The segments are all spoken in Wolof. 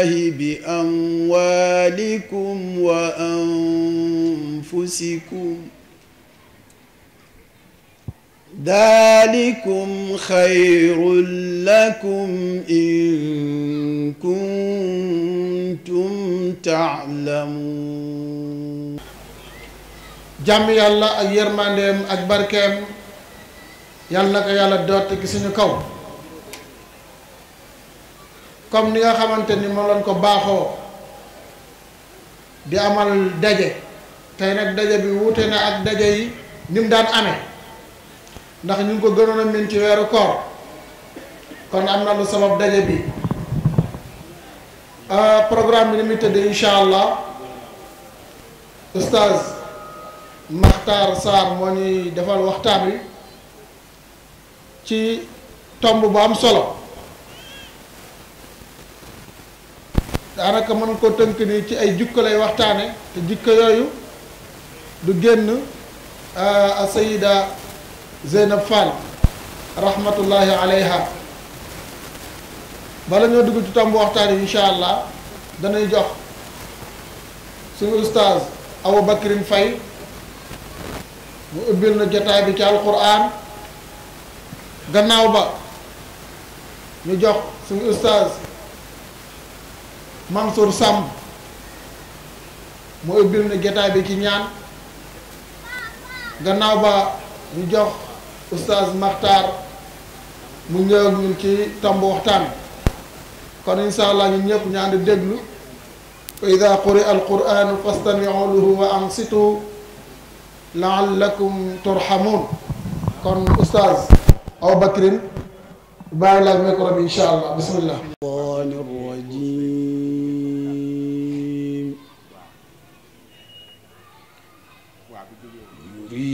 بأموالكم وأنفسكم ذلكم خير لكم إن كنتم تعلمون jàmm yàlla ak yërmandeem ak barkeem yàlla na ko yàlla doot ci suñu kaw comme ni nga xamante ni moom lañ ko baaxoo di amal daje tey nag daje bi wuute na ak daje yi ni daan amee ndax ñu ngi ko gënoon a min ci weeru koor kon am na lu sabab daje bi euh, programme bi ni muy tëdd incha allah oustaz Makhtar Sarr moo ñuy defal waxtaan wi ci tomb bu am solo daanaka mën koo tënk ni ci ay jikko waxtaane te jikko yooyu du génn euh, Sayida Zeynab Fall rahmatullahi aleyha bala ñoo dugg ci tomb waxtaan yi incha allah danay jox suñu ustaaz Abu Bakrin Fay mu ubbil na jotaay bi ci alquran gannaaw ba ñu jox suñu ustaaz Mansour Samb mu ubbil na jotaay bi ci ñaan gannaaw ba ñu jox oustaz Makhtar mu ñëw ak ñun ci tomb waxtaan kon insha allah ñun ñëpp ñu ànd déglu fa ida quri al quranu fastamiu lahu wa ansitu laallakum turhamun kon oustaz aw bakrin bàyyi laaj micro bi insha allah bismillah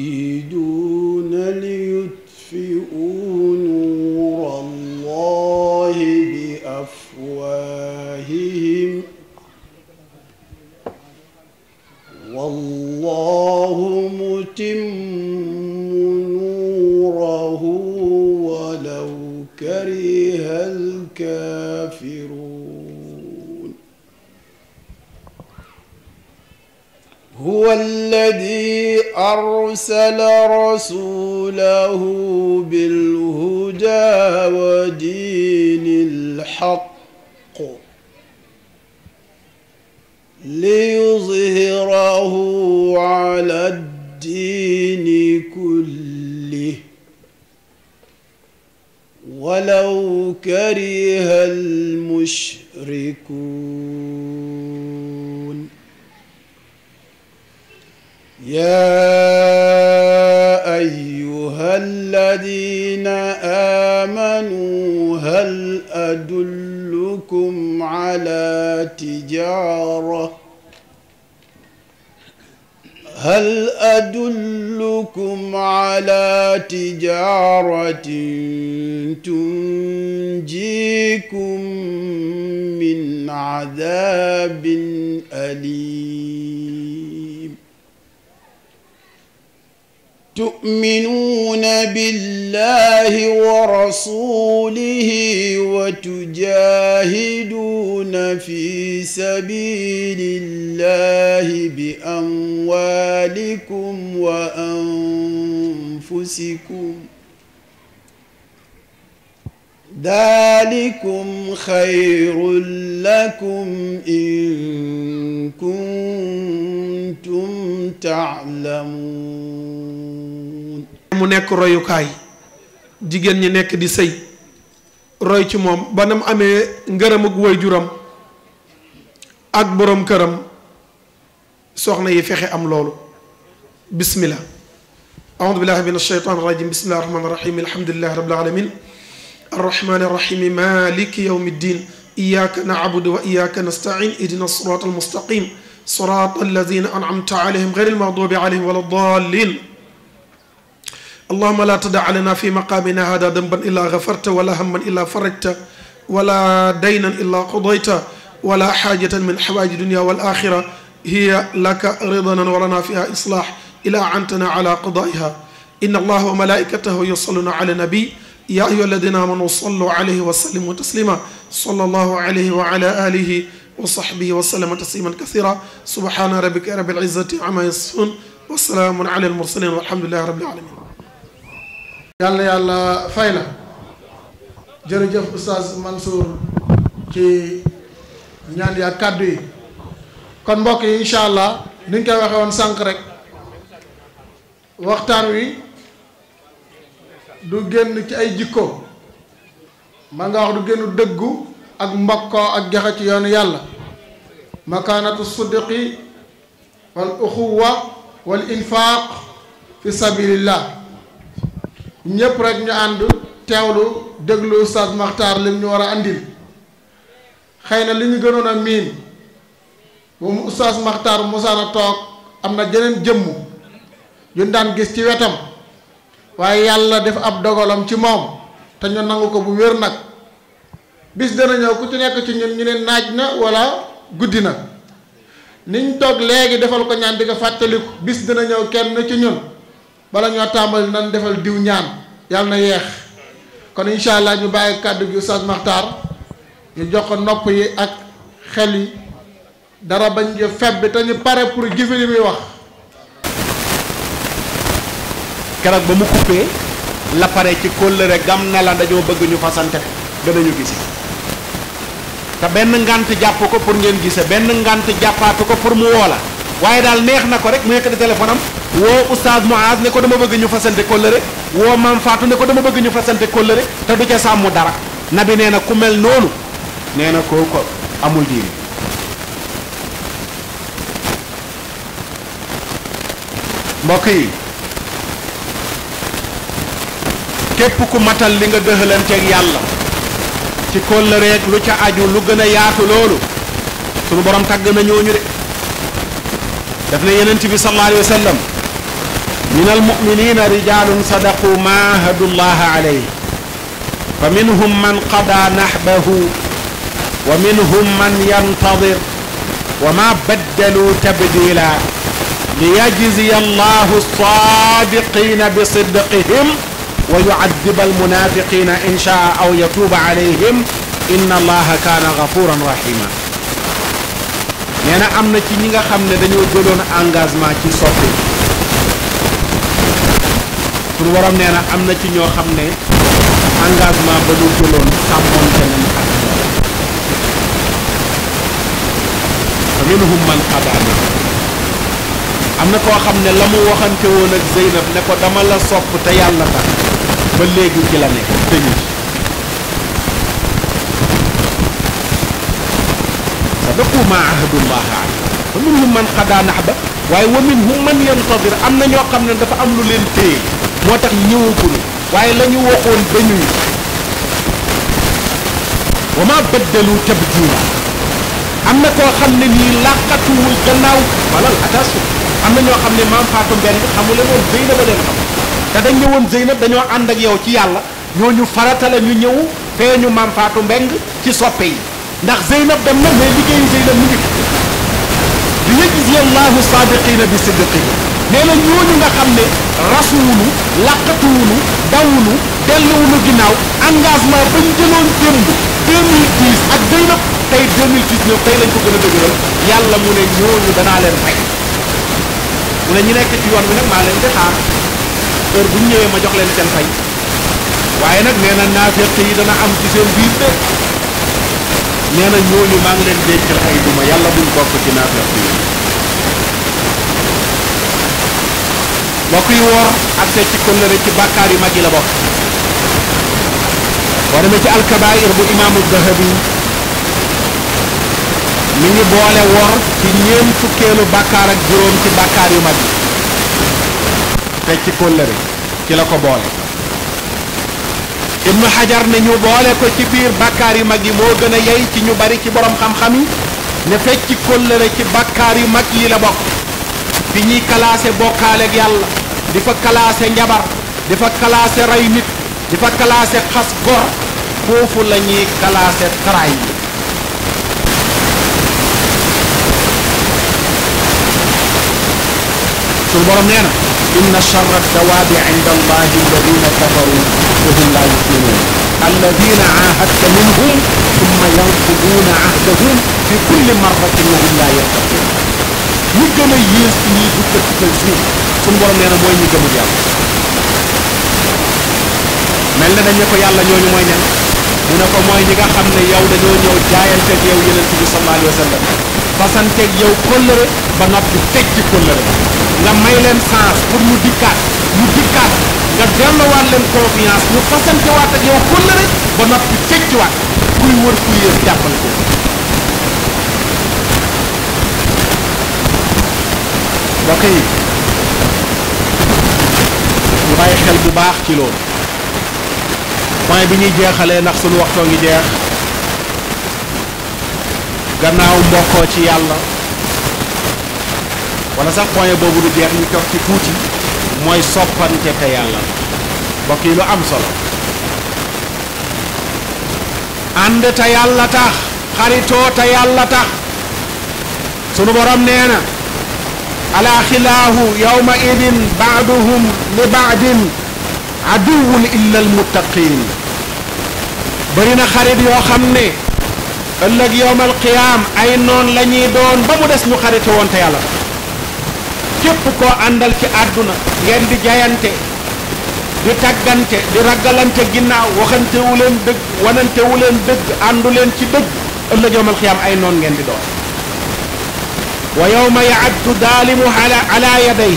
يريدون ليطفئوا نور الله بأفواههم والله متم نوره ولو كره الكافرون هو الذي أرسل رسوله بالهدى ودين الحق ليظهره على الدين كله ولو كره المشركون يا أيها الذين آمنوا هل أدلكم على تجارة هل أدلكم على تجارة تنجيكم من عذاب أليم تؤمنون بالله ورسوله وتجاهدون في سبيل الله بأموالكم وأنفسكم dalikum xayrun lakum in kuntum taalamuun mu nekk royukaay jigéen ñi nekk di sëy roy ci moom ba na mu amee ngërëm ak waajuram ak boroom këram soxna yi fexe am loolu bismillah aoudu billahi min alsheytan irajim bismillahi rahmani irahim alhamdulilahi rabbil alamin arrahmani irrahimi maliki yawmi ddin iyyaka na'budu wa iyyaka nasta'in ihdina sirata almustaqim sirata alladhina an'amta alayhim ghayri almaghdubi alayhim wala ddallin allahuma la tada lana fi maqamina hada damban illa ghafarta wala hamman illa farajta wala daynan illa qadayta wala xaajatan min xawaaji dunia wal axira hiya laka ridanan walana fiha islaax ila antana ala qadaiha inna allaha wa malaikatahu yusalluna ala nabi يا أيها الذين آمنوا صلوا عليه وسلموا تسليما صلى الله عليه وعلى آله وصحبه وسلم تسليما كثيرا سبحان ربك رب العزة عما يصفون وسلام على المرسلين والحمد لله رب العالمين yàlla yàlla fay la jërëjëf Oustaz Mansour ci ñaan yaa kàddu yi kon mbokk yi incha allah ni ñu koy waxee woon sànq rek waxtaan wi du génn ci ay jikko man nga wax du génn dëggu ak mbokkoo ak joxe ci yoonu yàlla makaanatu siddiqi wal uxuwa wal infaaq fi ñépp rek ñu ànd teewlu déglu Oustaz Makhtar lim ñu war a andil xëy na li ñu gënoon a miin moom Oustaz Makhtar musaana toog am na jeneen jëmm yu daan gis ci wetam waaye yàlla def ab dogalam ci moom te ñu nangu ko bu wér nag bis dana ñëw ku ci nekk ci ñun ñu ne naaj na wala guddi na ni ñu toog léegi defal ko ñaan di ko fàttaliku bis dana ñëw kenn ci ñun bala ñoo tàmbali nan defal diw ñaan yàlla na yeex kon incha allah ñu bàyyi kàddu gi Oustaz Makhtar ñu jox ko nopp yi ak xel yi dara bañ feb bi te ñu pare pour jëfe yi muy wax keroog ba mu coupé la pare ci kóllëre gam ne la dañoo bëgg ñu fasante danañu gise te benn ngant jàpp ko pour ngeen gise benn ngant jàppaatu ko pour mu woo la waaye daal neex na ko rek mu yëkkati téléphone woo oustaz Muaz ne ko dama bëgg ñu fasante kóllëre woo maam ne ko dama bëgg ñu fasante kóllëre te du ca sàmm dara nabi nee na ku mel noonu nee na koo ko amul diine mbokk yi képp ku matal li nga dëxalanteeg yàlla ci kóllëreeg lu ca aju lu gën a yaatu loolu sunu borom tàgg na ñooñu de daf ne yenent bi sallallahu alayhi wa min almuminina rijalun sadaqu ma ahadu llaha alayhi fa minhum man qada nahbahu wa minhum man yantadir wa ma baddalu tabdila liyajziya allahu sadiqina bi sidqihim wa yuaddiba almunafiqina in shaa aw yatuuba alayhim na am na ci ñi nga xam ne dañoo engagement ci soppi pour waram am na ci ñoo xam ne engagement ba ñu jëloon sàmmoonte nañ ak fa minhum man qadaana am na koo xam ne la mu waxante woon ak Zeynab ne ko dama la sopp te yàlla tax ba léegi ci la nekk tëju sadaqu maa ahadullah alayhi wa minhum man xadaa naxba waaye wa minhum man yantadir am na ñoo xam ne dafa am lu leen téye moo tax ñëwaguñu waaye la ñu waxoon dañuy wa ma baddalu tabdila am na koo xam ne nii làqatuwul gannaaw walal attention am na ñoo xam ne maam Fatou Mbeng xamu leen woon béy na ba leen te dañ ñëwoon Zeynab dañoo ànd ak yow ci yàlla ñooñu faratale ñu ñëw fee ñu maam Faatu Mbeng ci soppe yi ndax Zeynab dem na mais liggéeyu Zeynab mu ngi li yajziya Allahu saadiqiina bi sidqihi nee na ñooñu nga xam ne rasuwunu làqatuwunu dawunu delluwunu ginnaaw engagement ba ñu jëloon démb 2010 ak Zeynab tey 2019 tey lañ ko gën a dëgëral yàlla mu ne ñooñu danaa leen fay mu ne ñu nekk ci yoon bi nag maa leen di xaar heure bu ñu ñëwee ma jox leen seen fay waaye nag nee na naafeq yi dana am ci seen biir de nee na ñooñu maa ngi leen dencal ay duma yàlla buñ bokk ci naafeq yi mbokk yi woor ak seet ci kóllëre ci bàkkaar yu mag yi la bokk boo demee ci alkabair bu imaamu dahabi mi ngi boole woor ci ñeent fukkeelu bàkkaar ak juróom ci bàkkaar yu mag yi te ci la ko boole ibnu xajar ne ñu boole ko ci biir bàkkaar yi mag yi moo gën a yey ci ñu bari ci boroom xam-xam yi ne fecc kóllëre ci bàkkaar yu mag yi la bokk fi ñuy kalaase bokkaale ak yàlla di fa kalaase njabar di fa kalaase rey nit di fa kalaase xas gor foofu la kalaase taraay yi inna charra dawaabi inda allahi alladina kafaru wa hum laa yuminuun alladina aahadta minhum summa yanquduuna ahdahum fi kulli marratin wa hum laa yattaquun ñi gën a yées ci ñuy dugg ci kaw suuf suñu borom nee na mooy ñi gëmul yàlla mel na dañu ko yàlla ñooñu mooy ñan mu ne ko mooy ñi nga xam ne yow dañoo ñëw jaayanteeg yow yeneen bi sallallahu alayhi wa sallam fasanteeg yow kóllëre ba noppi teg ci kóllëre nga may leen chance pour ñu dikkaat ñu dikkaat nga delluwaat leen confiance ñu fasantewaat ak yow xul rek ba noppi fecciwaat kuy wër kuy yées jàppal ko. mbokk yi ñu bàyyi xel bu baax ci loolu point bi ñuy jeexalee ndax sunu waxtoo ngi jeex gannaaw mbokkoo ci yàlla. wala sax point boobu du jeex ñu toog ci tuuti mooy soppante te yàlla mbokk yi lu am solo ànd te yàlla tax xaritoo te yàlla tax sunu borom nee na alaa xilaahu yawma idin baaduhum li baadin aduwun illa almuttaqin bëri na xarit yoo xam ne ëllëg yowmal qiyaam ay noon lañuy ñuy doon ba mu des ñu xarito woon te yàlla tax képp koo àndal ci àdduna ngeen di jayante di tàggante di ragalante ginnaaw waxantewu leen dëgg wanantewu leen dëgg àndu ci dëgg ëllëg yowmal xiyaam ay noon ngeen di doon wa yowma yaaddu ala ala yaday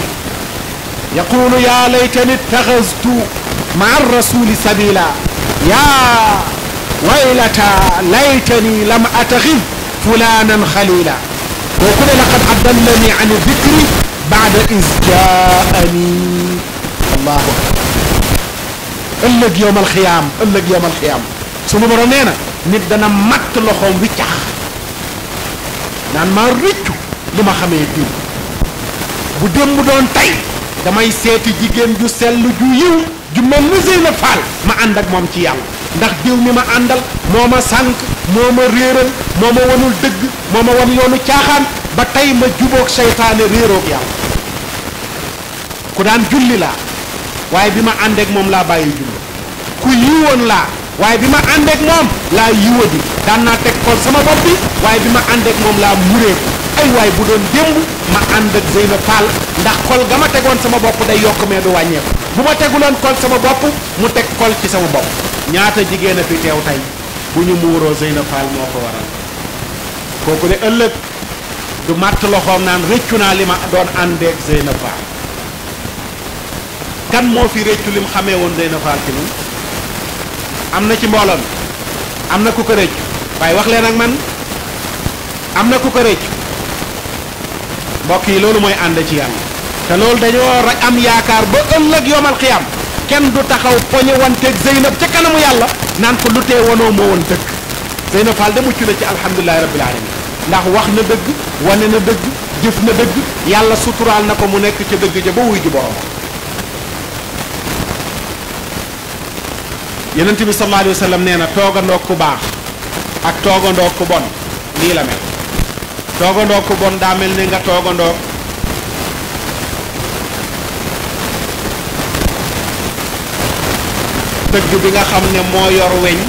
yaqulu yaa laytani ittaxastu maa rasuli sabila yaa waylata laytani lam ataxid fulanan xalila kooku ne laqad adallani an dikri baada is jaani allahu akbar ëllëg yowmal xiyaam ëllëg yowmal xiyaam nee na nit dana matt loxoom wiccax naan maa rëccu li ma xamee diw bu démb doon tey damay seeti jigéen ju sell ju yiw ju mel ni Zeyna Fall ma ànd ak moom ci yàlla ndax diw mi ma àndal moo ma sànq moo ma réeral moo ma wanul dëgg moo ma wan yoonu caaxaan ba tey ma jubóog seytaane réeroog yàlla ku daan julli laa waaye bi ma àndeek moom laa bàyyi julli ku yiwoon laa waaye bi ma ànd ak moom laa yiwa di daan naa teg kool sama bopp bi waaye bi ma àndeek moom laa mureeku ay waay bu doon démb ma ànd ak Zeyna Fall ndax kol ga ma tegoon sama bopp day yokk mais du wàññeeku bu ma teguloon kol sama bopp mu teg kol ci sama bopp ñaata jigéen a fi teew tey bu ñu muuroo Zeyna Fall moo ko waral kooku de ëllëg du màtt loxoom naan rëccu naa li ma doon àndeeg Zeyna Fall kan moo fi réccu lim xamee woon Déna Fall ci am na ci mbooloo am na ku ko réccu waaye wax leen ak man am na ku ko réccu mbokk yi loolu mooy ànd ci yàlla te loolu dañoo rek am yaakaar ba ëllëg yomal xiyam kenn du taxaw poñe wanteeg Zeynab ca kanamu yàlla naan ko lu tee wanoo moo woon dëgg Déna Fall de mucc na ci alhamdulilahi rabbil alamin ndax wax na dëgg wane na dëgg jëf na dëgg yàlla suturaal na ko mu nekk ca dëgg ja ba wuy ju borom yonent bi sallallahu alayhi wa sallam nee na toogandoo ku baax ak toogandoo ku bon nii la mel toogandoo ku bon daa mel ni nga toogandoo tëgg bi nga xam ne moo yor weñ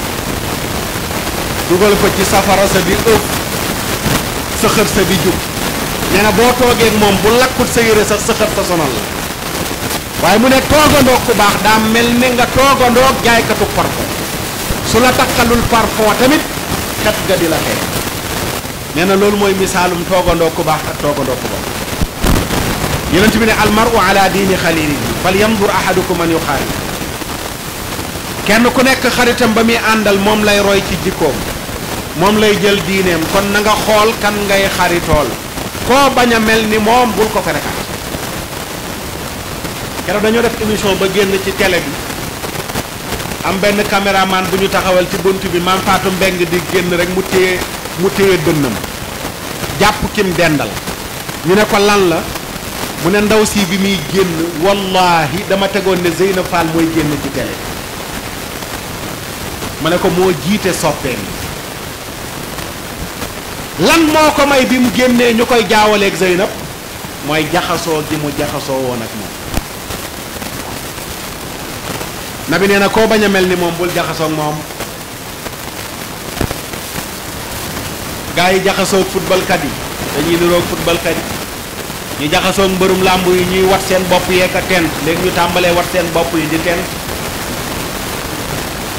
dugal ko ci safara sa di ëpp sa sa di jub nee na boo toogee moom bu lakkut sa yére sa xër sa sonal la waaye mu ne toogandoo ku baax daa mel ni nga toogandoo jaaykatu parfum su la takkalul parfum tamit xet ga di la xee nee na loolu mooy misaalum toogandoo ku baax ak toogandoo ku baax yonent bi ne almaru ala diini xalilihi fal yandur ahadukum man yuxaalil kenn ku nekk xaritam ba muy àndal moom lay roy ci jikkoom moom lay jël diineem kon nanga xool kan ngay xaritool koo bañ a mel ni moom bul ko ko rekat keroog dañoo def émission ba génn ci tele bi am benn caméraman bu ñu taxawal ci bunt bi maam Fatou Mbeng di génn rek mu téye mu téye dënnam jàpp kim dendal ñu ne ko lan la mu ne ndaw si bi muy génn wallaahi dama tegoon ne Zeyna mooy génn ci télé bi ma ne ko moo jiite soppee soppeem lan moo ko may bi mu génnee ñu koy jaawaleeg Zeynab mooy jaxasoo gi mu jaxasoo woon ak moom nabi nee na koo bañ a mel ni moom bul jaxasoog moom gars yi jaxasoog football yi dañuy niroog football kat yi ñu jaxasoog mbërum làmb yi ñuy wat seen bopp yeek a tent léegi ñu tàmbalee wat seen bopp yi di tent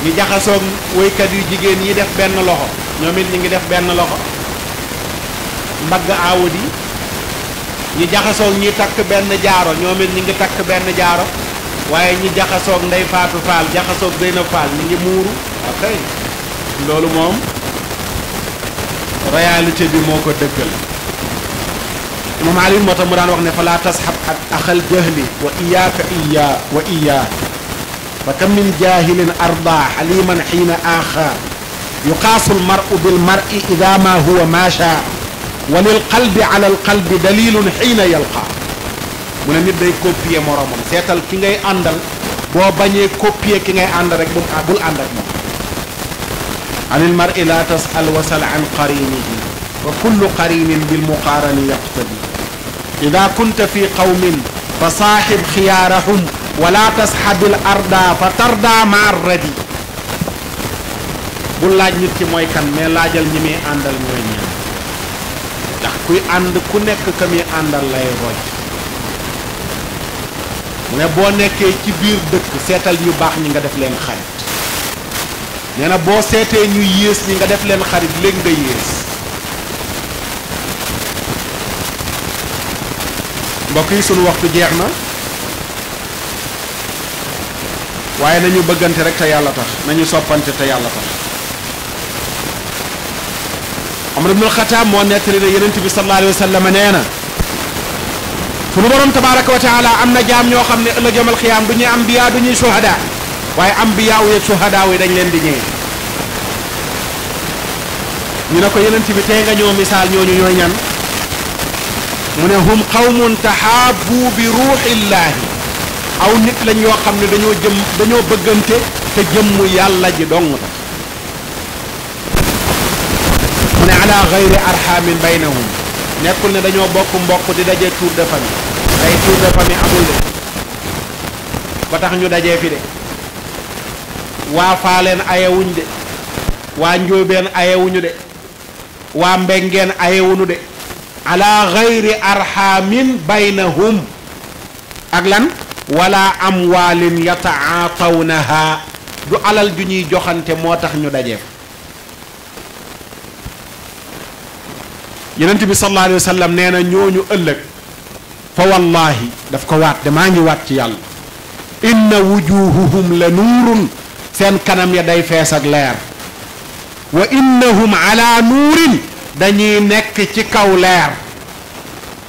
ñu jaxasoog woykat yu jigéen yi def benn loxo ñoom it ñu ngi def benn loxo mbagg aawut yi ñu jaxasoog ñi takk benn jaaro ñoom it ñu ngi takk benn jaaro waaye ñi jaxasoog ndey faatu faal jaxasoog Zeyna faal ñi ngi muuru ok loolu moom réalité bi moo ko dëggal moom Aliou moo tax mu daan wax ne jahli wa iyaaka iyaa wa iyaa fa kam min jaahilin ardaa xaliman xiina aaxaa yuqaasu almaru ida ma huwa maasha wa lilqalbi ala alqalbi dalilun xiina yalqaa mu ne nit day copier moromam seetal ki ngay àndal boo bañee copier ki ngay ànd rek bul bul ànd ak moom anil mar'i la tas'al wasal an qarinihi wa kullu qarinin bil muqaarani yaqtadi ida kunta fi qawmin fa saaxib xiyaarahum wala tasxabil arda fa tarda maar radi bu laaj nit ki mooy kan mais laajal ñi muy àndal mooy ñaan ndax kuy ànd ku nekk ka ne boo nekkee ci biir dëkk seetal yu baax ñi nga def leen xarit nee na boo seetee ñu yées ñi nga def leen xarit léegi nga yées mbokk yi sunu waxtu jeex na waaye nañu bëggante rek te yàlla tax nañu soppante te yàlla tax Omar ibnul xataa moo nettali ne yonent bi sallallahu alayhi wa sallam nee na sunu borom tabaraka wa taala am na jaam ñoo xam ne ëllëg yomal xiyaam du ñuy ambiya du ñuy suhada waaye ambiya wu yeeg suhada yi dañ leen di ñëwee ñu ne ko yeneen bi tey nga ñoo misaal ñooñu ñooy ñan mu ne hum qawmun taxaabu bi ruuxillaahi aw nit lañ yoo xam ne dañoo jëm dañoo bëggante te jëm yàlla ji dong ta mu ne ala gayri arxamin baynahum nekkul ne dañoo bokk mbokk di dajee tour de famille tey tour de famille amul de ba tax ñu dajee fi de waa faaleen ayewuñ waa njóobeen ayewuñu de waa mbengeen ayewuñu de ala gayri arxaamin baynahum ak lan wala amwaalin yataatawnaha du alal ju ñuy joxante moo tax ñu dajee fa yonent bi sallallahu alayhi nee na ñooñu ëllëg fa wallaahi daf ko waat de maa ngi waat ci yàlla inna wujuhuhum la nuurun seen kanam ya day fees ak leer wa innahum ala nuurin dañuy nekk ci kaw leer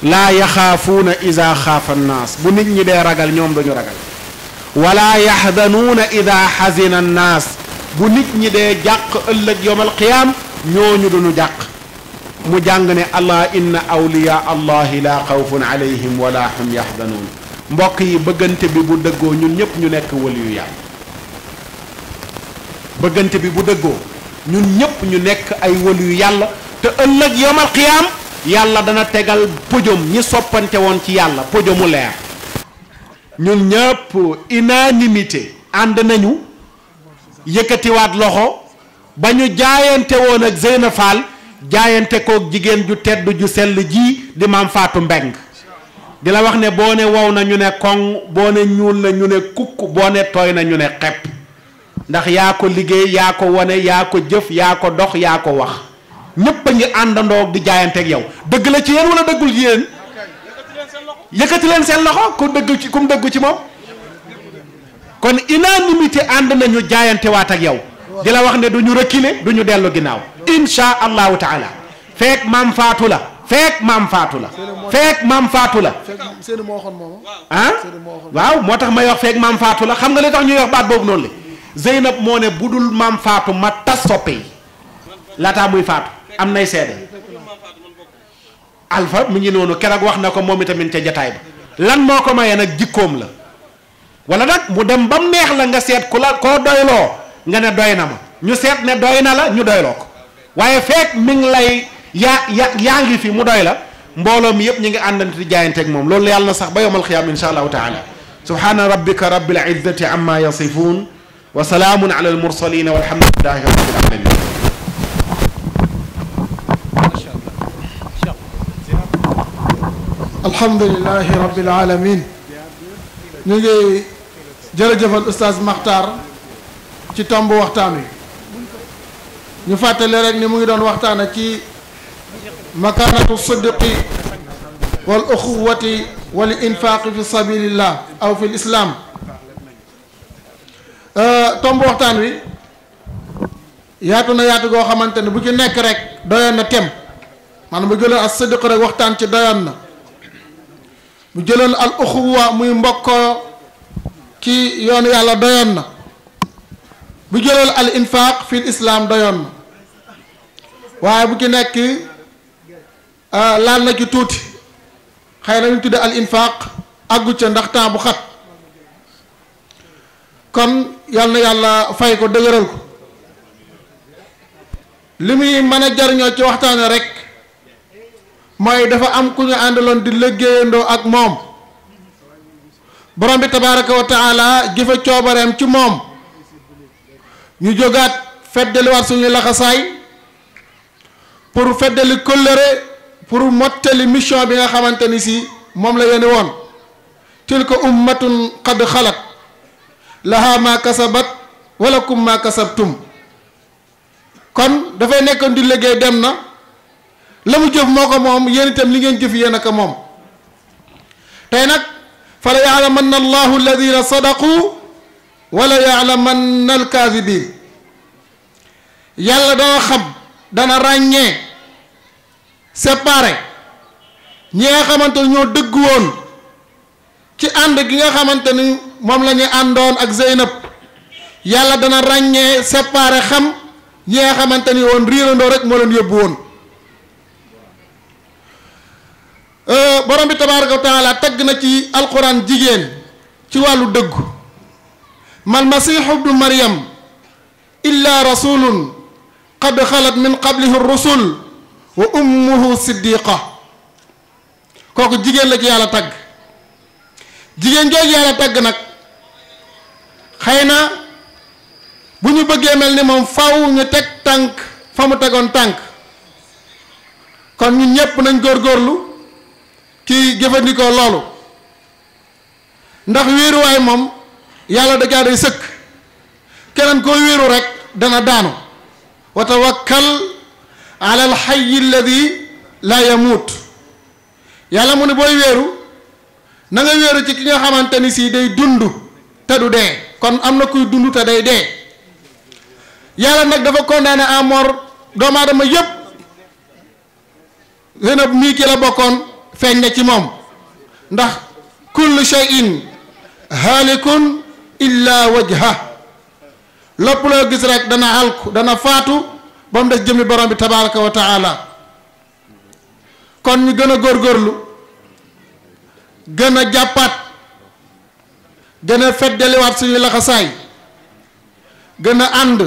laa yaxaafuuna ida xaafa nnaas bu nit ñi dee ragal ñoom dañu ragal wala yaxdanuuna ida xazina nnaas bu nit ñi dee jàq ëllëg yowm alqiyaam ñooñu duñu jàq mu jàng ne allah inna awliya allahi laa xawfun alayhim wala hum yaxzanuun mbokk yi bëggante bi bu dëggoo ñun ñëpp ñu nekk waliyu yàlla bëggante bi bu dëggoo ñun ñëpp ñu nekk ay waliyu yàlla te ëllëg yowmal qiyaam yàlla dana tegal pojom ñi soppante woon ci yàlla pojomu leer ñun ñëpp unanimité ànd nañu yëkkatiwaat loxo ba ñu jaayante woon ak Zeyna jaayantekook jigéen ju tedd ju sell ji di maam Faatu Mbeng di la wax ne boo ne wow na ne koŋ boo ne ñuul na ñu ne kukk boo ne tooy na ne xepp ndax yaa ko liggéey yaa ko wone yaa ko jëf yaa ko dox yaa ko wax ñépp a ngi àndandoo di jaayanteeg yow dëgg la ci yéen wala dëggul ci yéen leen seen loxo ku dëgg ci ku mu dëggu ci moom kon unanimité ànd nañu jaayantewaat ak yow di la wax ne du ñu reculer du ñu dellu ginnaaw insha allahu taala feek maam faatu la feek maam faatu la feek maam faatu la ah waaw moo tax may wax feek maam faatu la xam nga li tax ñuy wax baat boobu noonu la Zeynab moo ne bu dul maam faatu ma tas soppe yi laataa muy faatu am nay seede alfa mu ngi noonu keroog wax na ko moom itamit ca jataay ba lan moo ko mayee nag jikkoom la wala nag mu dem ba mu la nga seet ku la koo doyloo nga ne doy na ma ñu seet ne doy na la ñu doyloo waaye feek mi ngi lay yaa ngi fi mu doy la mbooloo mi yëpp ñu ngi àndante di jaayanteeg moom loolu yàlla na sax ba yowmal xiyaam insha allahu taala subhaana rabbika rabbil izzati amma yasifun wa salaamun ala al mursalin walhamdulillahi rabbil alamin alhamdulilahi rabbil alamin ñu ngi jërëjëfal oustaz Makhtar ci tomb waxtaan wi ñu fàttali rek ni mu ngi doon waxtaana ci makaanatu siddiqi wal uxuwati wal infaaqi fi sabilillah aw fi lislaam euh, tomb waxtaan wi yaatu na yaatu goo xamante ne bu ci nekk rek doyoon na tem maanaam bu jëloon as siddiq rek waxtaan ci doyoon na mu jëloon al uxuwa muy mbokkoo ci yoonu yàlla doyoon na bu jëloon al infaq fi islam doyoon na waaye bu ci nekk ah, laal na ci tuuti xëy na ñu tudde al infaq àggu ca ndax temps bu xat kon yal na yàlla fay ko dëgëral ko li muy mën a jariñoo ci waxtaane rek mooy dafa am ku ñu àndaloon di liggéeyandoo ak moom borom bi tabaraka wa taala jëfe coobareem ci moom ñu jógaat feddaliwaat suñu laxasaay pour feddali kóllëre pour mottali mission bi nga xamante ni si moom la yéene woon tilka ko qad xalat laha ma kasabat wala kum ma kasabtum kon dafay nekkoon di liggéey dem na la mu jëf moo ko moom yéen itam li ngeen jëf yéen a moom tey nag fa la yaalamanna allahu alladina sadaqu wala yaalamanna alkaasibin yàlla dana xam dana ràññee séparé ñi nga xamante ñoo dëgg woon ci ànd gi nga xamante ni moom la ñu àndoon ak Zeynab yàlla dana ràññee séparé xam ñi nga xamante ni woon riirandoo rek moo leen yóbbu woon euh, borom bi tabaaraka wa tagg na ci alxuraan jigéen ci wàllu dëggu mal masiixu bnu maryam illa rasulun qad xalat min qablihi rusul wa ummuhu siddiqa kooku jigéen la ci yàlla tagg jigéen jooju yàlla tagg nag xëy na bu ñu bëggee mel ni moom faw ñu teg tànk fa mu tegoon tànk kon ñun ñépp nañ góorgóorlu ci jëfandikoo loolu ndax wéeruwaay moom yàlla da day sëkk keneen koy wéeru rek dana daanu wa tawakkal ala alxayi alladi laa yamuut yàlla mu ne booy wéeru na nga wéeru ci ki nga xamante ni si day dund te du dee kon am na kuy dund te day dee yàlla nag dafa condamné à mort doomu aadama yépp Zeynab mii ki la bokkoon feeñ na ci moom ndax kullu shay'in haalikun illaa wajha lépp loo gis rek dana alku dana faatu ba mu des jëmmi borom bi tabaraka wa kon ñu gën a góorgóorlu gën a jàppaat gën a feddaliwaat suñu laxasaay gën a ànd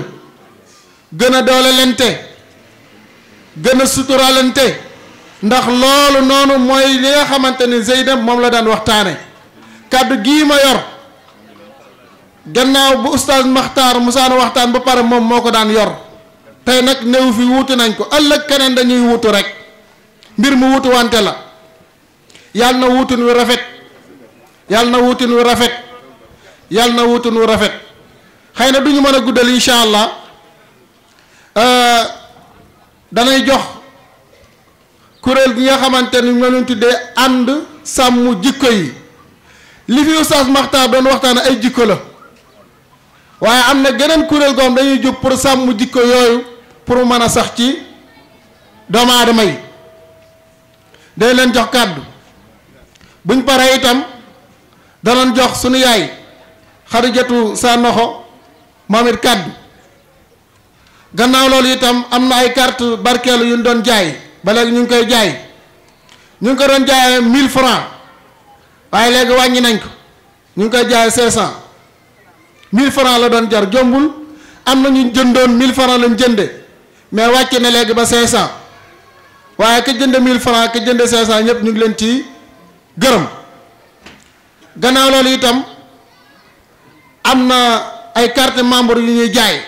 gën a doolelente gën a suturalente ndax loolu noonu mooy li nga xamante ne Zeynab moom la daan waxtaane kàddu gii ma yor gannaaw bu oustaz Maxtaar Musaana waxtaan ba pare moom moo ko daan yor tey nag néew fi wuutu nañ ko ëllëg keneen dañuy wuutu rek mbir mu wuutu wante la yàlla na wuutin wu rafet yàlla na wuutin wu rafet yàlla na wuutin rafet xëy na du ñu mën a guddal incha allah euh, danay jox kuréel gi nga xamante ni ma leen tuddee ànd sàmm jikko yi li fi oustaz Maxtaar doon waxtaan ay jikko la waaye am na geneen kuréel goom dañuy jóg pour sàmm jikko yooyu pour mu mën a sax ci doomu aadama yi day leen jox kàddu buñ paree itam danañ jox suñu yaay xarijatu sa noxo moom it kàddu gannaaw loolu itam am na ay carte barkeelu yu ñu doon jaay ba léegi ñu ngi koy jaay ñu ngi ko doon jaayee 1000 francs waaye léegi wàññi nañ ko ñu ngi koy jaayee 500. 1000 francs la doon jar jombul am na ñu jëndoon mille francs lañ jënde mais wàcc na léegi ba 500 waaye ka jënde 1000 francs ka jënde 500 ñëpp ñu ngi leen ci gërëm gannaaw loolu itam am na ay carte membre yu ñuy jaay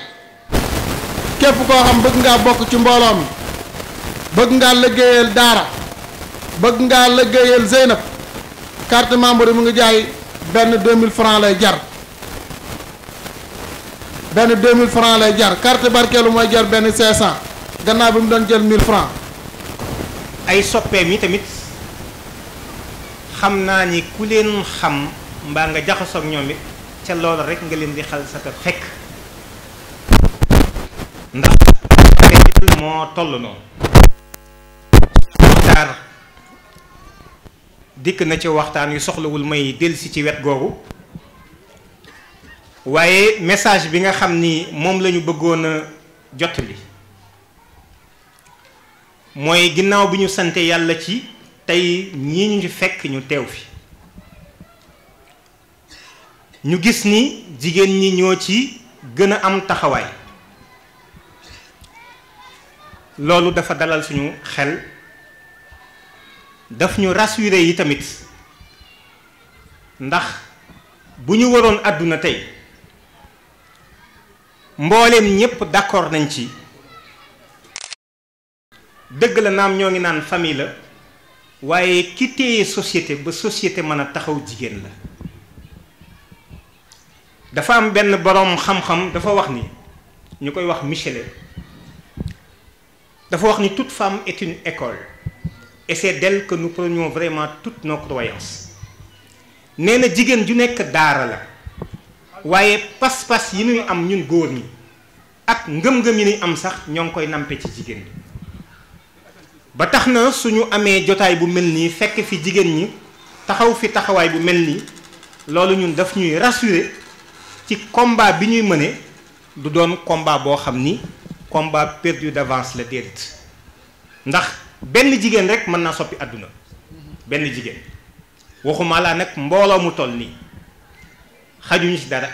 képp koo xam bëgg ngaa bokk ci mbooloo mi bëgg ngaa liggéeyal daara bëgg ngaa liggéeyal Zeynab carte membre yi mu ngi jaay benn mille francs lay jar benn 2000 francs lay jar carte barkeelu mooy jar benn 500 gannaaw bi mu doon jël 1000 francs ay soppeem yi tamit xam naa ni ku leen xam mbaa nga jaxasoog ñoom it ca loola rek nga leen di xal sa te fekk ndax moo toll noonu waxtaan dikk na ci waxtaan yu soxlawul may delsi ci wet googu waaye message bi nga xam ni moom lañu ñu bëggoon a jot li mooy ginnaaw bi ñu sante yàlla ci tey ñii ñu fekk ñu teew fi ñu gis ni jigéen ñi ñoo ci gën a am taxawaay loolu dafa dalal suñu xel daf ñu rassuré yi tamit ndax bu ñu waroon àdduna tey mbooleem ñépp d'accord nañ ci dëgg la naam ñoo ngi naan famille la waaye ki téye société ba société mën a taxaw jigéen la dafa am benn boroom xam-xam dafa wax ni ñu koy wax Michelet dafa wax ni tout femme est une école et c'est d'elle que nous prenions vraiment tout nos croyances nee na jigéen ju nekk daara la waaye pas-pas yi nuy am ñun góor ñi ak ngëm-ngëm yi nuy am sax ñoo ngi koy nampe ci jigéen ñi ba tax na suñu amee jotaay bu mel nii fekk fi jigéen ñi taxaw fi taxawaay bu mel nii loolu ñun daf ñuy rassure ci combat bi ñuy mëne du doon combat boo xam ni combat perdu d'avance la déet ndax benn jigéen rek mën naa soppi àdduna benn jigéen waxuma laa nag mbooloo mu toll nii xajuñu ci dara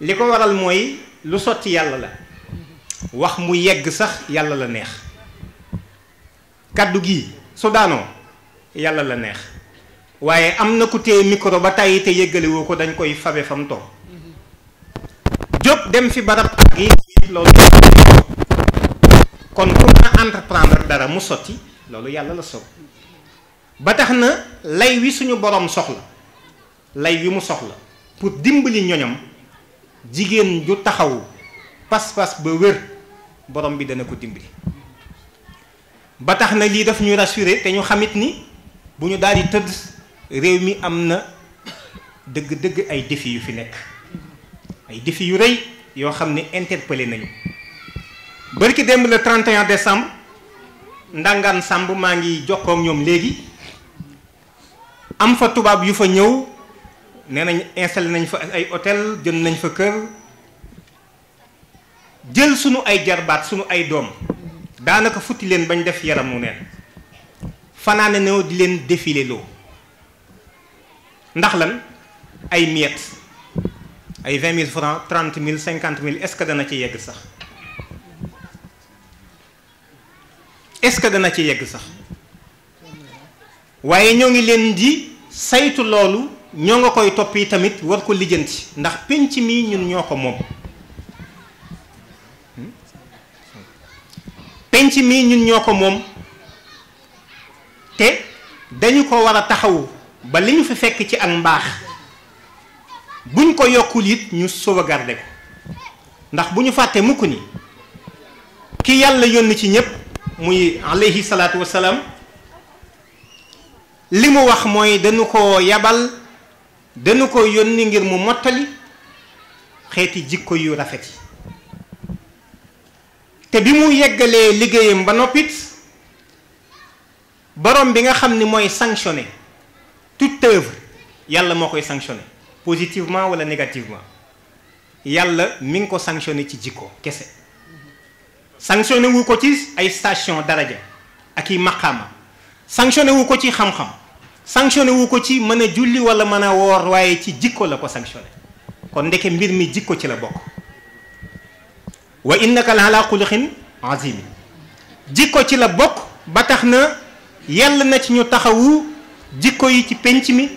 li ko waral mooy lu sotti yàlla la wax mu yegg sax yàlla la neex kàddu gi su daanoo yàlla la neex waaye am na ku téye micro ba tàyyi te yëggale ko dañ koy fabe fam toog jóg dem fi barab ak yi loolu kon ku mën a dara mu sotti loolu yàlla la soog ba tax na lay wi suñu boroom soxla lay wi mu soxla pour dimbali ñoñam jigéen ju taxaw pas-pas ba wér borom bi dana ko dimbali ba tax na lii daf ñu rasure te ñu xamit ni bu ñu daal di tëdd réew mi am na dëgg-dëgg ay défi yu fi nekk ay défi yu rëy yoo xam ne interpellé nañu bërki démb le 31 décembre ndangaan sàmb maa ngi jokkoog ñoom léegi am fa tubaab yu fa ñëw nee nañ installé nañ fa ay hôtel jën nañ fa kër jël sunu ay jarbaat sunu ay doom daanaka futti leen bañ def yaram mu neen fanaane noo di leen défilé loo ndax lan ay miettes ay vingt mille francs trente mille cinquante mille est-ce que dana ci yegg sax est-ce que dana ci yegg sax waaye ñoo ngi leen di saytu loolu ñoo nga koy topp yi tamit war ko lijjanti ndax pénc mi ñun ñoo ko moom penc mii ñun ñoo ko moom te dañu ko war a taxawu ba li ñu fi fekk ci ak mbaax buñ ko yokkul it ñu sauvegarder ko ndax bu ñu fàttee mukk ni ki yàlla yónni ci ñépp muy alayhi salaatu wasalaam li mu wax mooy dañu ko yabal dañu ko yónni ngir mu mottali xeeti jikko yu rafet yi te bi mu yeggalee liggéeyam ba noppit borom bi nga xam ni mooy sanctionné tout œuvre yàlla moo koy sanctionné positivement wala négativement yàlla mi ngi ko sanctionné ci jikko kese sanctionné wu ko ci ay station daraja ak i maqaama sanctionné wu ko ci xam-xam sanctionné wu ko ci mën a julli wala mën a woor waaye ci jikko la ko sanctionné kon ndeke mbir mi jikko ci la bokk wa innaka la ala xuluqin jikko ci la bokk ba tax na yàlla na ci ñu taxawu jikko yi ci penc mi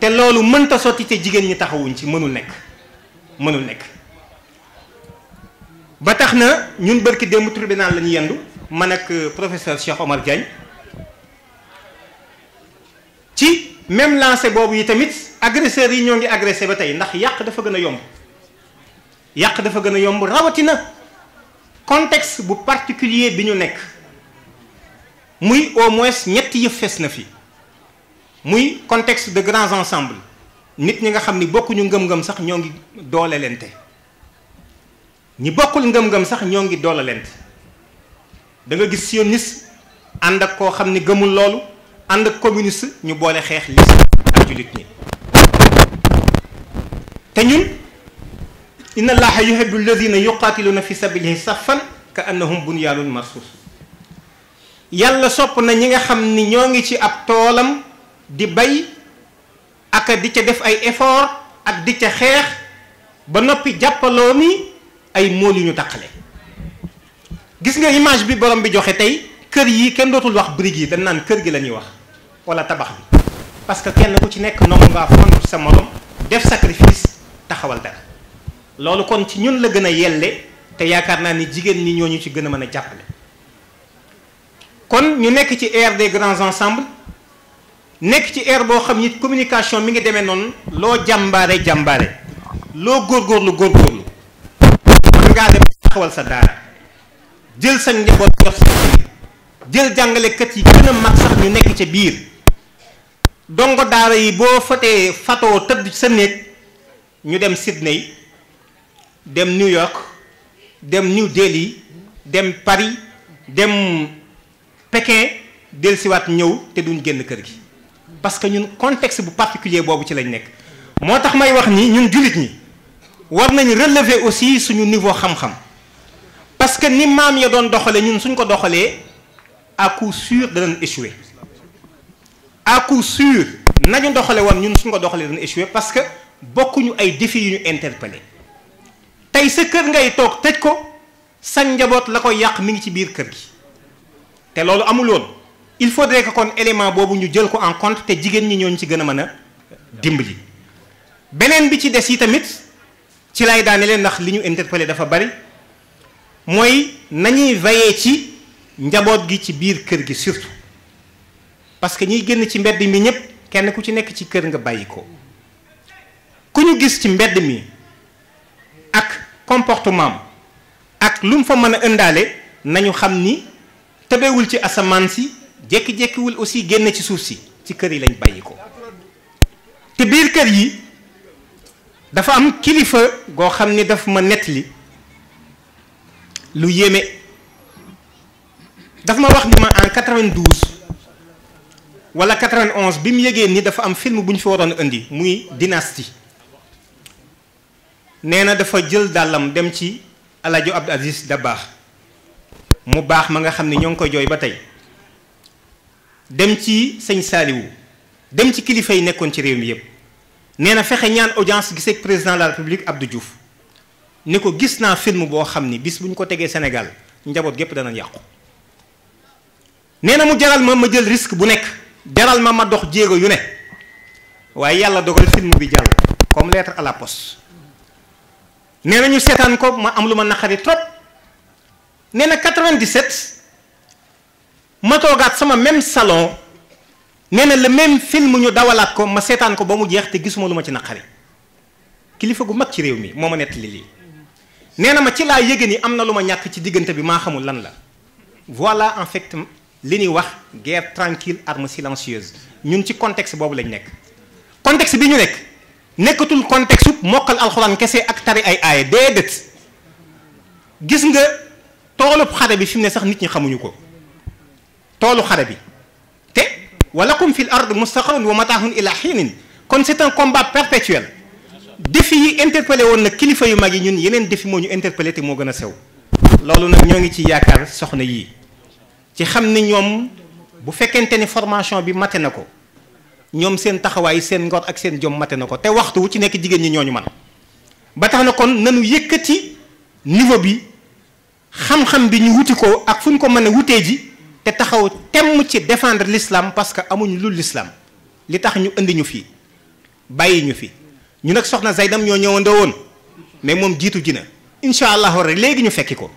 te loolu mënta sotti te jigéen ñi taxawuñ ci mënul nekk mënul nekk ba tax na ñun bërki démb tribunal la ñu yendu man ak euh, professeur Cheikh Omar Diagne ci même lancé boobu yi tamit agresseurs yi ñoo ngi agressé ba tey ndax yàq dafa gën a yomb yàq dafa gën a yomb rawatina contexte bu particulier bi ñu nekk muy au moins ñetti yëf fees na fi muy contexte de grands ensembles nit ñi nga xam ni bokkuñu ngëm-ngëm sax ñoo ngi doolelente ñi bokkul ngëm-ngëm sax ñoo ngi doolelente da nga gis sioniste ànd ak koo xam ni gëmul loolu ànd ak communiste ñu boole xeex lislam ak jullit ñi te ñun inna allaha yuhibbu alladina yuqaatiluuna fi sabilihi saffan ka annahum bunyaanun marsus yàlla sopp na ñi nga xam ni ñoo ngi ci ab toolam di bay aka di ca def ay effort ak di ca xeex ba noppi jàppaloo ni ay mool yu ñu taqale gis nga image bi borom bi joxe tey kër yi kenn dootul wax brique yi dañ naan kër gi lañuy wax wala tabax bi parce que kenn ku ci nekk noonu ngaa fond sa morom def sacrifice taxawal dara loolu kon ci ñun la gën a yelle te yaakaar naa ni jigéen ñi ñooñu ci gën a mën a jàppale kon ñu nekk ci ère des grands ensembles nekk ci ère boo xam ni communication mi ngi demee noonu loo jàmbaare jàmbaare loo góor góorgóorlu mën ngaa dem taxawal sa daara jël sa njaboot yor sa jël jàngalekat yi gën a mag ñu nekk ca biir dongo daara yi boo fatee fatoo tëdd sa néeg ñu dem Sydney dem New York dem New Delhi dem Paris dem Pékin dellusiwaat ñëw te duñ génn kër gi parce que ñun contexte bu particulier boobu ci lañ nekk moo tax may wax ni ñun jullit ñi war nañu relever aussi suñu niveau xam-xam parce que ni maam ya doon doxalee ñun suñ ko doxalee à coup da doon échouer à coup sûr nañu doxale woon ñun suñ ko doxalee dana échoué parce que bokkuñu ay défis yu ñu interpellé tey sa kër ngay toog tëj ko sañ njaboot la ko yàq mi ngi ci biir kër gi te loolu amul woon il faudrait que kon élément boobu ñu jël ko en compte te jigéen ñi ñooñu ci gën a mën a li beneen bi ci des yi tamit ci lay daane leen ndax li ñu interpellé dafa bari mooy nañuy veiller ci njaboot gi ci biir kër gi surtout parce que ñiy génn ci mbedd mi ñëpp kenn ku ci nekk ci kër nga bàyyi ko ku ñu gis ci mbedd mi ak comportement ak lu mu fa mën a ëndaale nañu xam ni tëbewul ci asamaan si jékki-jékkiwul aussi génn ci suuf si ci kër yi lañ bàyyi ko te biir kër yi dafa am kilifa goo xam ni daf ma nettali lu yéeme daf ma wax ni ma en wala 91 bi mu yëgee ni dafa am film bu ñu fi waroon indi muy dynastie nee na dafa jël dàllam dem ci El Hadj Abdou Aziz baax mu baax ma nga xam ne ñoo ngi koy jooy ba tey dem ci sëñ Saliou dem ci kilifa yi nekkoon ci réew mi yëpp nee na fexe ñaan audience gisee ak président de la république Abdou Diouf ni ko gis naa film boo xam ni bis bu ñu ko tegee Sénégal njaboot gépp dana yàqu nee na mu jalal ma ma jël risque bu nekk. jaral ma ma dox jéego yu ne waaye yàlla dogal film bi jàll comme lettre à la poste nee na ñu seetaan ko ma am lu ma naqari trop nee na 97 ma toogaat sama même salon nee na le même film ñu dawalaat ko ma seetaan ko ba mu jeex te gisuma lu ma ci naqari kilifa gu mag ci réew mi moo ma nettali lii nee na ma ci laa yëge ni am na lu ma ñàkk ci diggante bi maa xamul lan la voilà en li nuy wax guerre tranquille arme silencieuse ñun ci contexte boobu lañu nekk contexte bi ñu nekk nekkatul contexte mokkal alxuraan kese ak tari ay aaya déedéet gis nga toolub xare bi fi mu ne sax nit ñi xamuñu ko toolu xare bi te walakum fil ard mustaqarrun wa mataahun ila xiinin kon c'est un combat perpétuel defi yi interpellé woon na kilifa yu mag yi ñun yeneen défi moo ñu interpellé te moo gën a sew loolu nag ñoo ngi ci yaakaar soxna yii ci xam ni ñoom bu fekkente ni formation bi mate na ko ñoom seen taxawaay seen ngor ak seen jom mate na ko te waxtu ci nekk jigéen ñi ñoo ñu man ba tax na kon nanu yëkkati niveau bi xam-xam bi ñu wuti ko ak fu ñu ko mën a wutee ji te taxaw temm ci defendre lislaam parce que amuñ lu lislaam li tax ñu indi ñu fii bàyyi ñu fi ñu nag soxna Zaydam ñoo ñëwandoo woon mais moom jiitu ji na incha allah rek léegi ñu fekki ko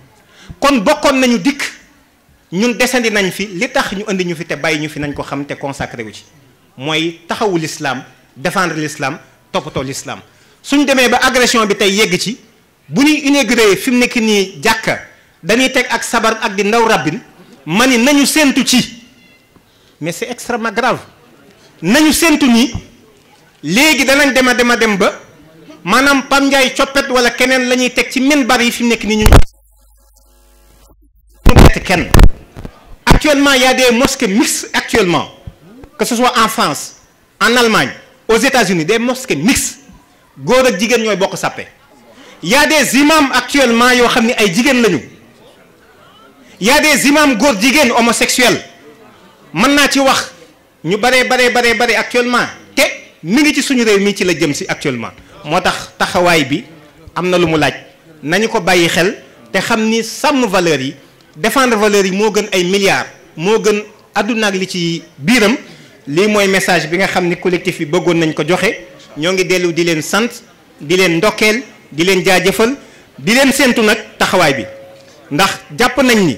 kon bokkoon nañu dikk ñun desandi nañ fi li tax ñu indi ñu fi te bàyyi ñu fi nañ ko xam te consacré wu ci mooy taxawu l'islam défendre l'islam toppatoo l'islam suñ demee ba agression bi tey yegg ci bu ñuy inauguré fi mu nekk nii jàkka dañuy teg ak sabar ak di ndaw rabbin ma ni nañu séentu ci mais c'est extrêmement grave nañu séentu nii léegi danañ dema dema dem ba maanaam Pam Ndiaye coppet wala keneen la ñuy teg ci minbar yi fi mu nekk nii ñu kenn Actuellement, il y a des mosquées mixtes actuellement, que ce soit en France, en Allemagne, aux États-Unis, des mosquées mixtes. góor ak jigéen ñooy bokk sàppe y a des imams actuellement yoo xam ne ay jigéen lañu y a des imams góor jigéen homosexuel mën naa ci wax ñu baree baree baree bare actuellement te mi ngi ci suñu réew mii ci la jëm si actuellement moo tax taxawaay bi am na lu mu laaj nañu ko bàyyi xel te xam ni sàmm valeur yi défendre valeurs yi moo gën ay milliards moo gën àdduna li ci biiram lii mooy message bi nga xam ni collectif bi bëggoon nañ ko joxe ñoo ngi dellu di leen sant di leen ndokkeel di leen jaajëfal di leen séentu nag taxawaay bi ndax jàpp nañ ni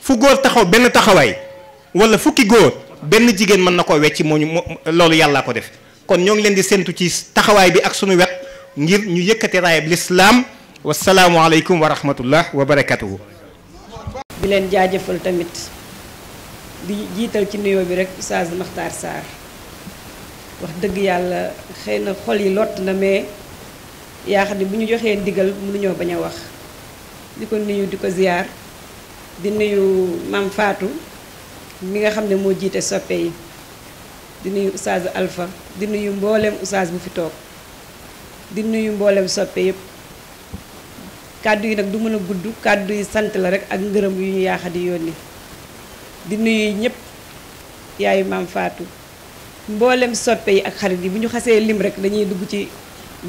fu góor taxaw benn taxawaay walla fukki góor benn jigéen mën na koo wecci moo ñu loolu yàllaa ko def kon ñoo ngi leen di séentu ci taxawaay bi ak sunu wet ngir ñu yëkkate raayab lislaam wasalaamualeykum wa rahmatullah wa barakatuhu di leen jaajëfal tamit di jiital ci nuyoo bi rek Oustaz Makhtar Sarr wax dëgg yàlla xëy na xol yi lott na mais yaa xam ne bu ñu joxee ndigal mënuñoo bañ a wax di ko nuyu di ko ziyaar di nuyu Maam Fatou mi nga xam ne moo jiite soppe yi di nuyu Oustaz Alpha di nuyu mboolem Oustaz bu fi toog di nuyu mboolem soppe yëpp kàddu yi nag du mën a gudd kàddu yi sant la rek ak ngërëm yu ñu yaaxa di yónni di nuyu ñëpp yaayu maam faatu mboolem soppe yi ak xarit yi bu ñu xasee lim rek dañuy dugg ci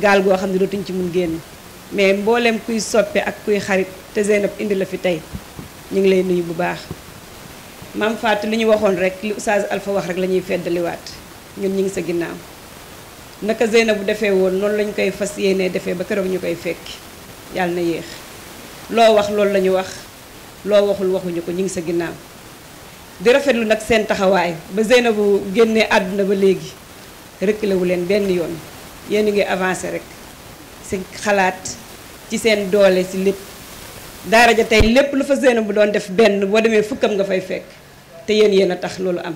gaal goo xam ne dootuñ ci mun génn mais mboolem kuy soppe ak kuy xarit te Zeynab indi la fi tey ñu ngi lay nuyu bu baax maam Fatou li ñu waxoon rek li Oustaz Alpha wax rek la ñuy feddaliwaat ñun ñu ngi sa ginnaaw naka Zeynab bu defee woon noonu lañ koy fas yéenee defee ba keroog ñu koy fekki. yàlla na yéex loo wax loolu la ñu wax loo waxul waxuñu ko ñu ngi sa ginnaaw di rafetlu nag seen taxawaay ba Zeynabu génnee àdduna ba léegi rëkkalewu leen benn yoon yéen a ngi avancé rek si xalaat ci seen doole si lépp daara ja tey lépp lu fa bu doon def benn boo demee fukkam nga fay fekk te yéen yéen a tax loolu am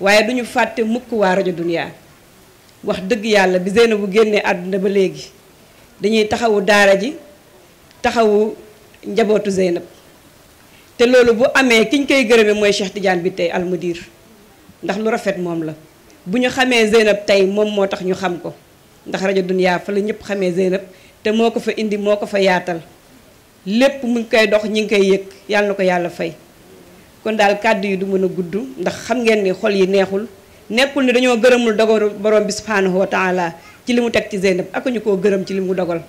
waaye duñu fàtte mukk waa rajo Dunia wax dëgg yàlla bi bu génnee àdduna ba léegi dañuy taxawu daara ji taxawu njabootu Zeynab te loolu bu amee ki ñu koy gërëme mooy Cheikh Tidiane bi tey almudir ndax lu rafet moom la bu ñu xamee Zeynab tey moom moo tax ñu xam ko ndax rajo Dunia fa la ñëpp xamee Zeynab te moo ko fa indi moo ko fa yaatal lépp mu ngi koy dox ñi ngi koy yëg yàlla na ko yàlla fay kon daal kàddu yi du mën a gudd ndax xam ngeen ni xol yi neexul nekkul ni dañoo gërëmul dogaru borom bi subhanahu wa taala ci li mu teg ci Zeynab ak ñu koo gërëm ci li mu dogal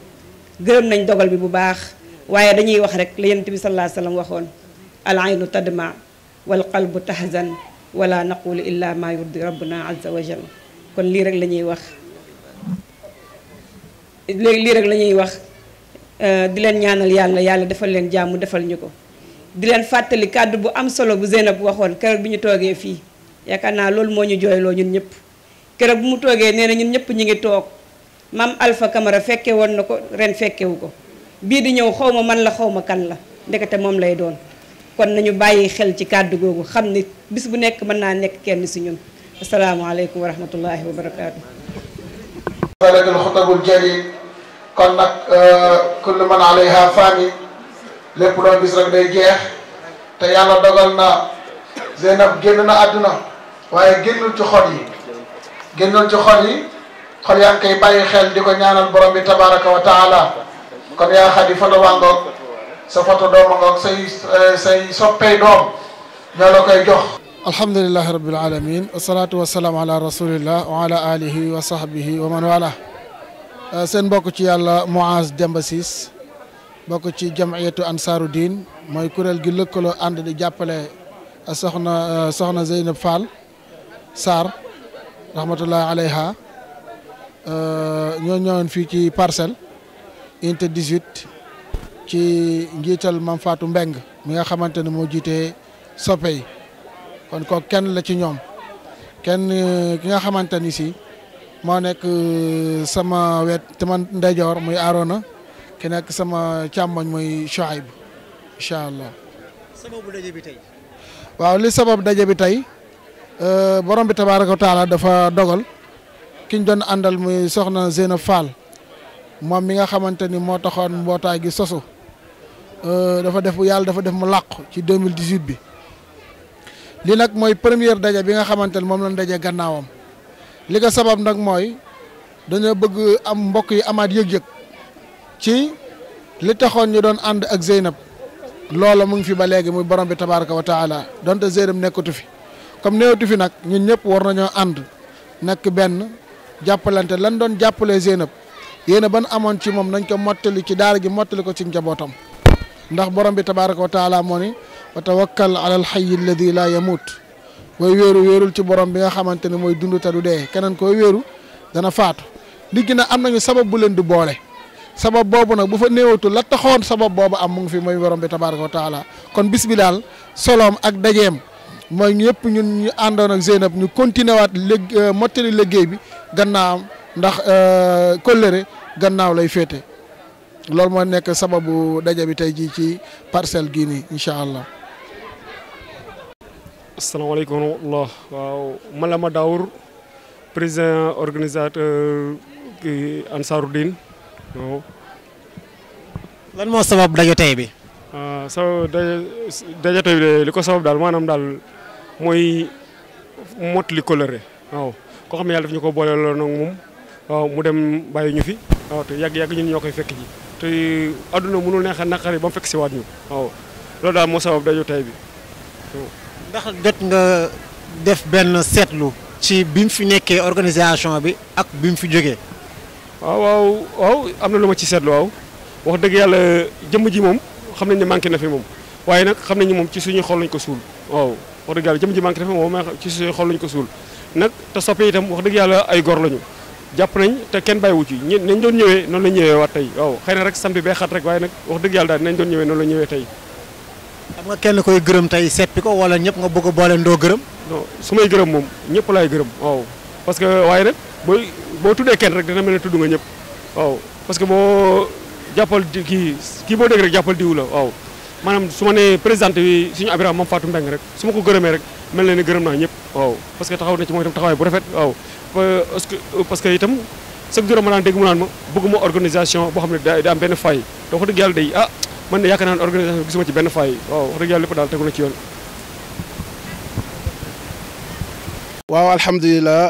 gërëm nañ dogal bi bu baax waaye dañuy wax rek la yonent bi sallallahu alayhi wasallam waxoon al aynu tadma wal qalbu tahzan wala naqulu illa ma yurdi rabbuna azza wa jal kon lii rek lañuy wax léegi lii rek la ñuy wax euh, di leen ñaanal yàlla yàlla defal leen jàmm defal ñu ko di leen fàttali kàddu bu am solo bu Zeynab waxoon keroog bi ñu toogee fii yaakaar naa loolu moo ñu jooyloo ñun ñëpp keroog bu mu toogee nee na ñun ñëpp ñu ngi toog maam Alpha Camara fekke woon na ko ren fekkewu ko bii di ñëw xaw ma man la xaw ma kan la ndekete moom lay doon kon nañu bàyyi xel ci kàddu googu xam ni bis bu nekk mën naa nekk kenn si ñun asalaamaaleykum wa rahmatullahi wa barakaatu. alekul xutabul jali kon nag euh, lépp loo gis rek day jeex te yàlla dogal na génn na àdduna waaye génnul ci xol yi génnoon ci xol yi xol yaa ngi koy di ko ñaanal borom bi tabaraka wa taala kon yaa xadi foto ngoog sa foto dooma ngoog say eh, say doom ñoo la koy jox alhamdulilahi rabbil alamin wasalaatu wasalaam ala rasulillah wa alihi wa sahbihi wa man wala eh, seen mbokk ci yàlla Muaz Demba Ciss bokk ci jamiyatu ansaaru diin mooy kuréel gi lëkkaloo ànd di jàppale eh, soxna soxna Zeynab Fall Sarr rahmatullahi alayha ñoo ñëwoon fii ci parcelle unité 18 ci njiital Mame faatu Mbeng mi nga xamante ne moo jiitee soppe yi kon ko kenn la ci ñoom kenn euh, ki nga xamante ni si moo nekk euh, sama wet te tama ndejoor muy Arona ki nekk sama càmmoñ muy Chouaib incha allah. sababu daje bi tey. waaw li sabab daje bi tey. Euh, borom bi tabaaraka taala dafa dogal kiñ doon àndal muy soxna Zeynab Fall moom bi nga xamante ni moo taxoon mbootaay gi sosu euh, dafa def yàlla dafa def mu làqu ci 2018 bi li nag mooy première daje bi nga xamante ni moom lañ daje gannaawam li ko sabab nag mooy dañoo bëgg am mbokk yi amaat yëg-yëg ci li taxoon ñu doon ànd ak Zeynab loola mu ngi fi ba léegi muy borom bi tabaaraka wa taala donte Zeynab nekkatu fi comme néewtu fi nag ñun ñëpp war nañoo ànd nekk benn jàppalante lan doon jàppalee Zeynab yéen a ban amoon ci moom nañ ko mottali ci daara ji mottali ko ci njabootam ndax borom bi tabaaraka wa moo ni wa tawakkal xay alxayi alladi laa yamut booy wéeru wéerul ci borom bi nga xamante ne mooy dund te du dee keneen koy wéeru dana faatu nit nag am nañu sabab bu leen di boole sabab boobu nag bu fa néewatu la taxoon sabab boobu am mu ngi fi mooy borom bi tabaaraka wa taala kon bis bi ak dajeem mooy yëpp ñun ñu àndoon ak Zeynab ñu continué waat lég euh, mottali liggéey bi gannaawam ndax euh, kóllëre gannaaw lay féete loolu moo nekk sababu daja bi tey jii ci parcelle gii nii incha allah. asalaamaaleykum wa rahmatulah waaw man ma Daawur président organisateur Ansaarud-Din waaw. lan moo sabab daja tey bi. Ah, sa daja tey li ko sabab daal maanaam daal. mooy mot li coloré waaw koo xam ne yàlla daf ñu ko boole lool nag moom waaw mu dem bàyyi ñu fi waaw te yàgg-yàgg ñun ñoo koy fekk ji te adduna mënul neexa a naqari ba mu fekk si waat ñu waaw loolu daal moo sabab dajo tay bi ndax jot nga def benn seetlu ci bi mu fi nekkee organisation bi ak bi mu fi jógee ah, waaw waaw am na lu ma ci seetlu waaw wax dëgg yàlla jëmm ji moom xam nañ ne manqué na fi moom waaye nag xam nañu moom ci suñu xol lañ ko suul wax dëgg yàlla jëm ji manqué dafa moom ma wax dëgg yàlla ay gor lañu jàpp nañ te kenn bàyyiwu ci nañ doon ñëwee noonu la ñëwee waat tey waaw xëy na rek samedi bee xat rek waaye nag wax dëgg yàlla daal nañ doon ñëwee noonu la ñëwee tey am kenn koy gërëm tey seppi ko wala ñëpp nga bëgg a boole ndoo gërëm su may gërëm moom ñëpp laay gërëm waaw parce que waaye nag booy boo tuddee kenn rek dina mel ne tudd nga ñëpp waaw parce que boo jàppal kii kii boo dégg rek jàppal diw la waaw maanaam su ma nee présidente bi suñu Abiram moom Fatou Mbengue rek su ma ko gërëmee rek mel na ni gërëm naa ñëpp waaw parce que taxaw na ci moom itam taxawaay bu rafet waaw parce que itam chaque jour ma daan dégg mu naan ma bëgguma organisation boo xam ne da am benn faay te wax dëgg yàlla day ah man de yaakaar naa ne organisation gisuma ci benn faay waaw wax dëgg yàlla lépp daal tegu na ci yoon waaw alhamdulilah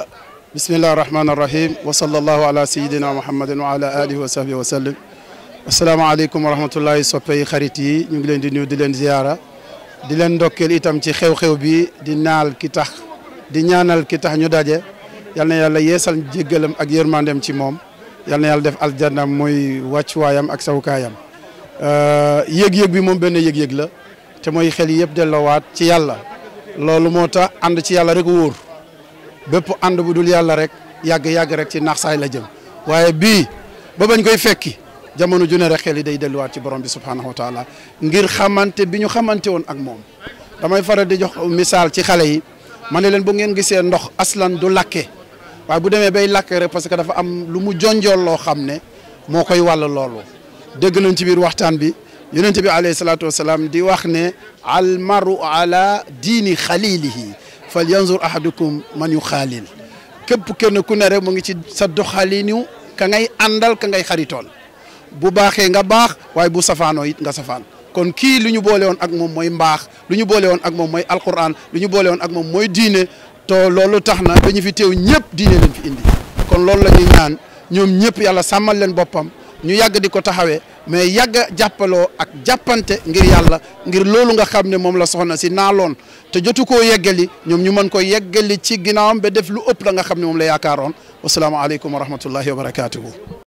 bismillahi rahmaani rahim wa sallallahu ala sayidina muhammadin wa sallim asalaamaaleykum wa rahmatullahi soppey xarit yi ñu ngi leen di nuyu di leen ziyaara di leen ndokkeel itam ci xew-xew bi di naal ki tax di ñaanal ki tax ñu daje yal na yàlla yeesal jéggalam ak yërmandem ci moom yal na yàlla def aljanna mooy wàccuwaayam ak sawukaayam euh, yëg-yëg bi moom benn yëg-yëg la te mooy xel yëpp delloowaat ci yàlla loolu moo tax ànd ci yàlla rek wóor bépp ànd bu dul yàlla rek yàgg-yàgg rek ci naxsaay la jëm waaye bii ba bañ koy fekki jamono ju ne xel yi day delluwaat ci borom bi subhaanahu wa taala ngir xamante bi ñu xamante woon ak moom damay faral di jox misaal ci xale yi ma ne leen bu ngeen gisee ndox aslan du lakke waaye bu demee bay lakke parce que dafa am lu mu jonjool loo xam ne moo koy walla loolu dëgg nañ ci biir waxtaan bi yonent bi alayhi salaatu wasalaam di wax ne al maru ala diini xalilihi fal yanzur ahadukum man yu xaalil képp kenn ku ne rek mu ngi ci sa doxalinu ka ngay àndal ngay xaritoon bu baaxee nga baax waaye bu safaanooy nga safaan kon kii lu ñu boole woon ak moom mooy mbaax lu ñu boole woon ak moom mooy alquran lu ñu boole woon ak moom mooy diine to loolu tax na dañu fi teew ñëpp diine leen fi indi kon loolu la ñuy ñaan ñoom ñëpp yàlla sàmmal leen boppam ñu yàgg di ko taxawee mais yàgg jàppaloo ak jàppante ngir yàlla ngir loolu nga xam ne moom la soxna si naaloon te jotu koo yeggali ñoom ñu mën ko yeggali ci ginnaawam be def lu ëpp la nga xam ne la yaakaaroon wasalaamaaleykum wa rahmatullahi wa barakaatuhu